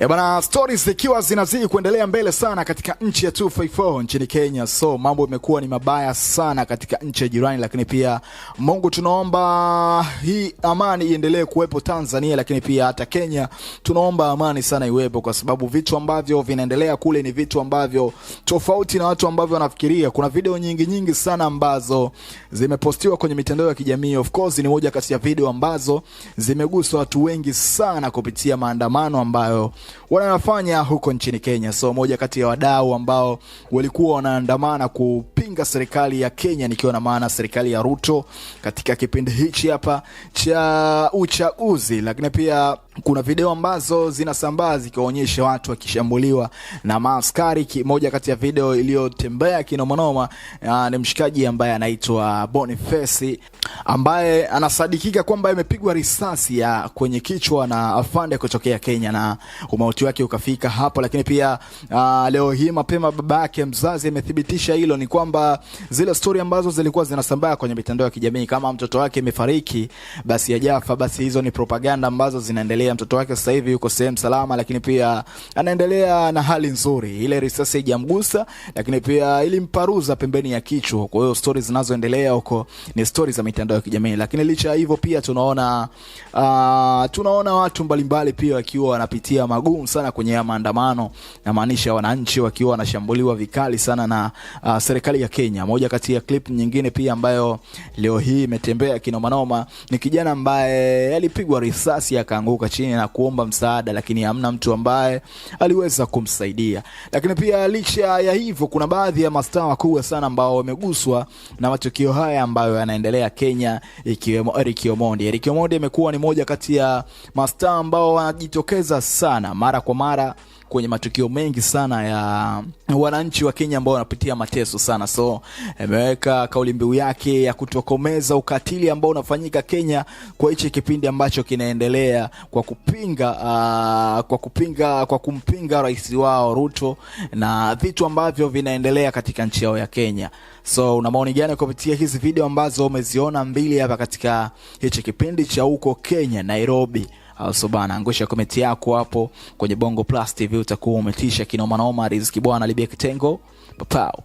E bana, stories zikiwa zinazidi kuendelea mbele sana katika nchi ya 254 nchini Kenya. So mambo imekuwa ni mabaya sana katika nchi ya jirani, lakini pia Mungu tunaomba hii amani iendelee kuwepo Tanzania, lakini pia hata Kenya tunaomba amani sana iwepo, kwa sababu vitu ambavyo vinaendelea kule ni vitu ambavyo tofauti na watu ambavyo wanafikiria. Kuna video nyingi nyingi sana ambazo zimepostiwa kwenye mitandao ya kijamii. Of course ni moja kati ya video ambazo zimegusa watu wengi sana kupitia maandamano ambayo wanayofanya huko nchini Kenya. So moja kati ya wadau ambao walikuwa wanaandamana kupinga serikali ya Kenya, nikiwa na maana serikali ya Ruto katika kipindi hichi hapa cha uchaguzi, lakini pia kuna video ambazo zinasambaa zikiwaonyesha watu wakishambuliwa na maaskari. Moja kati ya video iliyotembea kinomanoma ah, ni mshikaji ambaye anaitwa Boniface ambaye anasadikika kwamba amepigwa risasi ya kwenye kichwa na afande kutokea Kenya na umauti wake ukafika hapo. Lakini pia uh, leo hii mapema baba yake mzazi amethibitisha hilo, ni kwamba zile stori ambazo zilikuwa zinasambaa kwenye mitandao ya kijamii kama mtoto wake amefariki, basi ajafa, basi hizo ni propaganda ambazo zinaendelea anaendelea, mtoto wake sasa hivi yuko sehemu salama, lakini pia anaendelea na hali nzuri. Ile risasi haijamgusa, lakini pia ilimparuza pembeni ya kichwa. Kwa hiyo stori zinazoendelea huko ni stori za mitandao ya kijamii, lakini licha ya hivyo pia tunaona uh, tunaona watu mbalimbali pia wakiwa wanapitia magumu sana kwenye ya maandamano, na maanisha wananchi wakiwa wanashambuliwa vikali sana na uh, serikali ya Kenya. Moja kati ya clip nyingine pia ambayo leo hii imetembea kinomanoma ni kijana ambaye alipigwa risasi akaanguka chini na kuomba msaada, lakini hamna mtu ambaye aliweza kumsaidia. Lakini pia licha ya hivyo, kuna baadhi ya mastaa wakubwa sana ambao wameguswa na matukio haya ambayo yanaendelea Kenya, ikiwemo Eric Omondi. Eric Omondi amekuwa ni moja kati ya mastaa ambao wanajitokeza sana mara kwa mara kwenye matukio mengi sana ya wananchi wa Kenya ambao wanapitia mateso sana. So ameweka kauli mbiu yake ya kutokomeza ukatili ambao unafanyika Kenya kwa hichi kipindi ambacho kinaendelea, kwa kupinga uh, kwa kupinga kwa kumpinga rais wao Ruto na vitu ambavyo vinaendelea katika nchi yao ya Kenya. So una maoni gani kupitia hizi video ambazo umeziona mbili hapa katika hichi kipindi cha huko Kenya Nairobi? Uh, so bana, angusha komenti yako hapo kwenye Bongo Plus TV, utakuwa umetisha kinoma noma. Riziki bwana libia kitengo papao